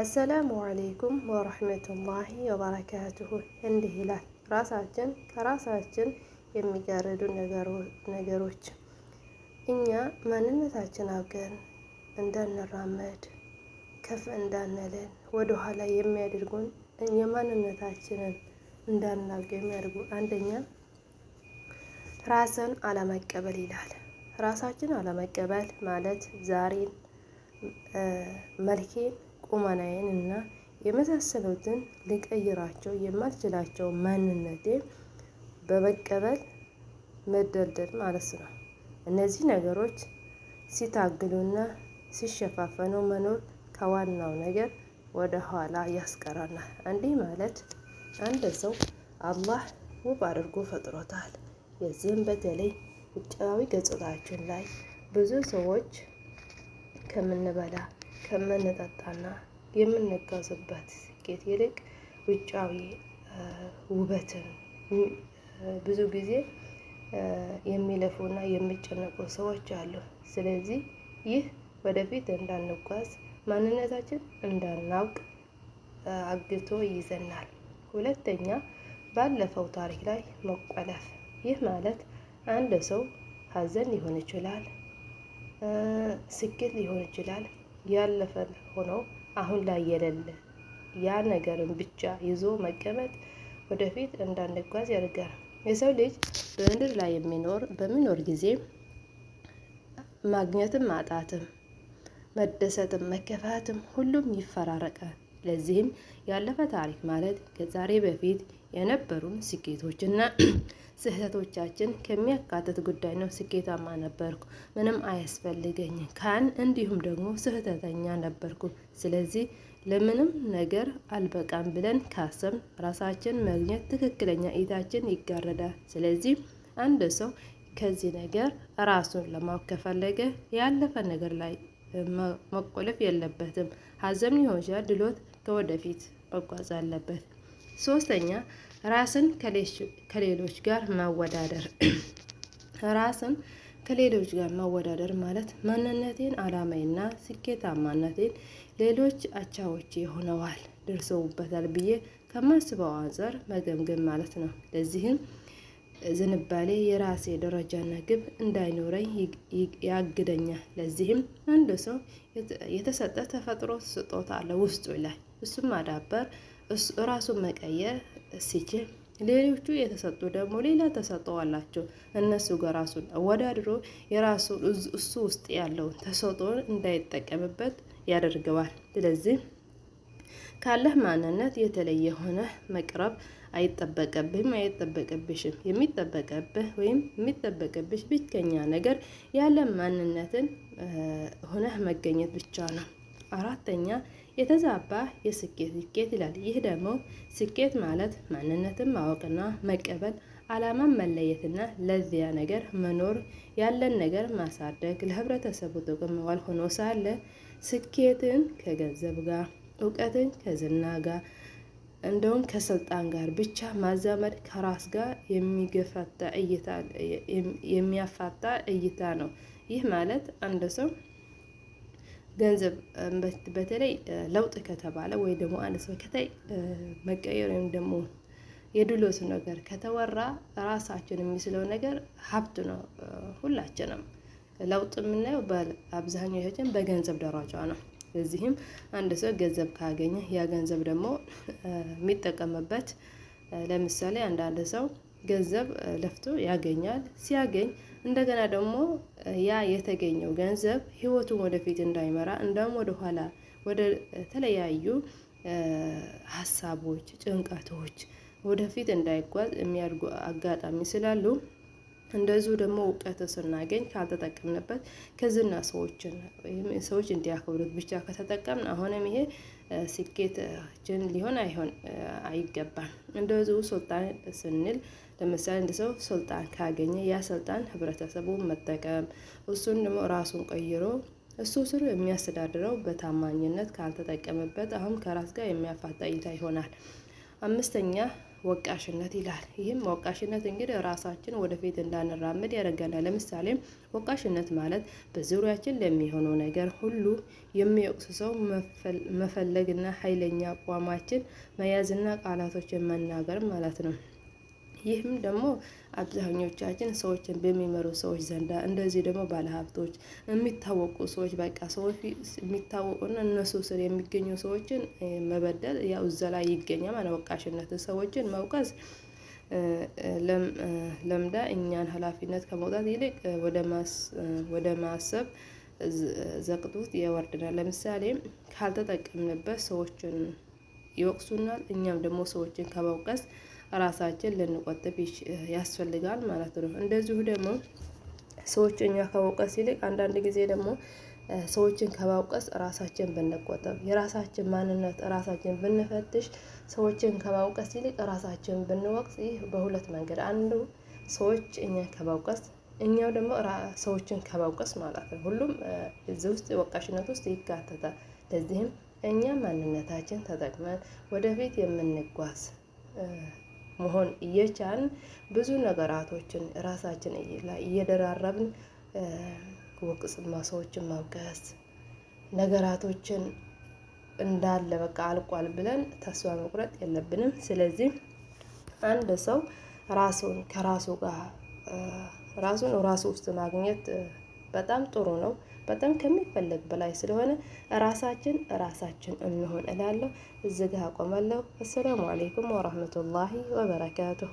አሰላሙ አሌይኩም ወረህመቱላሂ ወበረካቱሁ። እንዲህ ይላል ራሳችን ከራሳችን የሚጋረዱ ነገሮች እኛ ማንነታችን አውቀን እንዳንራመድ ከፍ እንዳንልን ወደኋላ የሚያደርጉን የማንነታችንን እንዳናውቅ የሚያደርጉ አንደኛ ራስን አለመቀበል ይላል። ራሳችን አለመቀበል ማለት ዛሬን መልኬን ቁመናዬን እና የመሳሰሉትን ልቀይራቸው የማልችላቸው ማንነቴ በመቀበል መደልደል ማለት ነው። እነዚህ ነገሮች ሲታግሉና ሲሸፋፈኑ መኖር ከዋናው ነገር ወደ ኋላ ያስቀራናል። እንዲህ ማለት አንድ ሰው አላህ ውብ አድርጎ ፈጥሮታል። የዚህም በተለይ ውጫዊ ገጽታችን ላይ ብዙ ሰዎች ከምንበላ ከምንጠጣና የምንጓዝበት ስኬት ይልቅ ውጫዊ ውበትን ብዙ ጊዜ የሚለፉና የሚጨነቁ ሰዎች አሉ። ስለዚህ ይህ ወደፊት እንዳንጓዝ ማንነታችን እንዳናውቅ አግቶ ይይዘናል። ሁለተኛ፣ ባለፈው ታሪክ ላይ መቆለፍ። ይህ ማለት አንድ ሰው ሀዘን ሊሆን ይችላል፣ ስኬት ሊሆን ይችላል፣ ያለፈን ሆኖ አሁን ላይ የሌለ ያ ነገርን ብቻ ይዞ መቀመጥ ወደፊት እንዳንጓዝ ያደርጋል። የሰው ልጅ በምድር ላይ የሚኖር በሚኖር ጊዜ ማግኘትም ማጣትም መደሰትም መከፋትም ሁሉም ይፈራረቃል። ለዚህም ያለፈ ታሪክ ማለት ከዛሬ በፊት የነበሩን ስኬቶችና ስህተቶቻችን ከሚያካትት ጉዳይ ነው። ስኬታማ ነበርኩ፣ ምንም አያስፈልገኝም ካን እንዲሁም ደግሞ ስህተተኛ ነበርኩ፣ ስለዚህ ለምንም ነገር አልበቃም ብለን ካሰብን ራሳችን መግኘት ትክክለኛ እይታችን ይጋረዳል። ስለዚህ አንድ ሰው ከዚህ ነገር ራሱን ለማወቅ ከፈለገ ያለፈ ነገር ላይ መቆለፍ የለበትም። ሀዘም ሊሆን ድሎት ከወደፊት መጓዝ አለበት። ሶስተኛ ራስን ከሌሎች ጋር ማወዳደር ራስን ከሌሎች ጋር ማወዳደር ማለት ማንነቴን፣ አላማዬና ስኬታማነቴን ሌሎች አቻዎች ሆነዋል ደርሰውበታል ብዬ ከማስበው አንጻር መገምገም ማለት ነው። ለዚህም ዝንባሌ የራሴ ደረጃና ግብ እንዳይኖረኝ ያግደኛል። ለዚህም አንድ ሰው የተሰጠ ተፈጥሮ ስጦታ አለ ውስጡ ላይ እሱም ማዳበር ራሱን መቀየር ሲችል ሌሎቹ የተሰጡ ደግሞ ሌላ ተሰጠዋላቸው አላቸው። እነሱ ጋር ራሱን ወዳድሮ የራሱ እሱ ውስጥ ያለውን ተሰጦ እንዳይጠቀምበት ያደርገዋል። ስለዚህ ካለህ ማንነት የተለየ ሆነ መቅረብ አይጠበቀብህም፣ አይጠበቅብሽም። የሚጠበቀብህ ወይም የሚጠበቅብሽ ብቸኛ ነገር ያለ ማንነትን ሆነህ መገኘት ብቻ ነው። አራተኛ የተዛባ የስኬት ልኬት ይላል። ይህ ደግሞ ስኬት ማለት ማንነትን ማወቅና መቀበል፣ አላማን መለየትና ለዚያ ነገር መኖር፣ ያለን ነገር ማሳደግ፣ ለህብረተሰቡ ጥቅም መዋል ሆኖ ሳለ ስኬትን ከገንዘብ ጋር፣ እውቀትን ከዝና ጋር እንደውም ከስልጣን ጋር ብቻ ማዛመድ ከራስ ጋር የሚያፋታ እይታ ነው። ይህ ማለት አንድ ሰው ገንዘብ በተለይ ለውጥ ከተባለ ወይ ደግሞ አንድ ሰው ከታይ መቀየር ወይም ደግሞ የድሎት ነገር ከተወራ ራሳችን የሚስለው ነገር ሀብት ነው። ሁላችንም ለውጥ የምናየው አብዛኛዎቻችን በገንዘብ ደረጃ ነው። እዚህም አንድ ሰው ገንዘብ ካገኘ ያ ገንዘብ ደግሞ የሚጠቀምበት ለምሳሌ አንዳንድ ሰው ገንዘብ ለፍቶ ያገኛል ሲያገኝ እንደገና ደግሞ ያ የተገኘው ገንዘብ ህይወቱን ወደፊት እንዳይመራ እንደውም ወደኋላ ወደ ተለያዩ ሀሳቦች፣ ጭንቀቶች ወደፊት እንዳይጓዝ የሚያደርጉ አጋጣሚ ስላሉ እንደዚሁ ደግሞ እውቀት ስናገኝ ካልተጠቀምንበት ከዝና ሰዎችን ሰዎች እንዲያከብሩት ብቻ ከተጠቀምን አሁንም ይሄ ስኬታችን ሊሆን አይሆን አይገባም። እንደዚሁ ሱልጣን ስንል ለምሳሌ እንደ ሰው ስልጣን ካገኘ ያ ስልጣን ህብረተሰቡን መጠቀም እሱን ደግሞ ራሱን ቀይሮ እሱ ስሩ የሚያስተዳድረው በታማኝነት ካልተጠቀምበት አሁን ከራስ ጋር የሚያፋጣ እይታ ይሆናል። አምስተኛ ወቃሽነት ይላል። ይህም ወቃሽነት እንግዲህ ራሳችን ወደፊት እንዳንራመድ ያደርገናል። ለምሳሌ ወቃሽነት ማለት በዙሪያችን ለሚሆነው ነገር ሁሉ የሚወቅስ ሰው መፈለግና ኃይለኛ አቋማችን መያዝና ቃላቶችን መናገር ማለት ነው። ይህም ደግሞ አብዛኞቻችን ሰዎችን በሚመሩ ሰዎች ዘንዳ እንደዚህ ደግሞ ባለሀብቶች፣ የሚታወቁ ሰዎች በቃ ሰዎች የሚታወቁና እነሱ ስር የሚገኙ ሰዎችን መበደል ያው እዛ ላይ ይገኛል ማለት ወቃሽነት ሰዎችን መውቀስ ለምዳ እኛን ኃላፊነት ከመውጣት ይልቅ ወደ ማሰብ ዘቅጡት ያወርድናል። ለምሳሌ ካልተጠቀምንበት ሰዎችን ይወቅሱናል። እኛም ደግሞ ሰዎችን ከመውቀስ ራሳችን ልንቆጥብ ያስፈልጋል ማለት ነው። እንደዚሁ ደግሞ ሰዎች እኛ ከመውቀስ ይልቅ አንዳንድ ጊዜ ደግሞ ሰዎችን ከማውቀስ ራሳችን ብንቆጠብ የራሳችን ማንነት ራሳችን ብንፈትሽ ሰዎችን ከማውቀስ ይልቅ ራሳችን ብንወቅስ፣ ይህ በሁለት መንገድ አንዱ ሰዎች እኛ ከማውቀስ እኛው ደግሞ ሰዎችን ከማውቀስ ማለት ነው። ሁሉም እዚህ ውስጥ ወቃሽነት ውስጥ ይካተታል። ለዚህም እኛ ማንነታችን ተጠቅመን ወደፊት የምንጓዝ መሆን እየቻልን ብዙ ነገራቶችን ራሳችን ላይ እየደራረብን ወቅስማ ሰዎችን ማውቀስ ነገራቶችን እንዳለ በቃ አልቋል ብለን ተስፋ መቁረጥ የለብንም። ስለዚህ አንድ ሰው ራሱን ከራሱ ጋር ራሱን ራሱ ውስጥ ማግኘት በጣም ጥሩ ነው። በጣም ከሚፈለግ በላይ ስለሆነ ራሳችን ራሳችን እንሆን እላለሁ። እዚህ ጋ አቆማለሁ። አሰላሙ አሌይኩም ወረህመቱላሂ ወበረካቱሁ።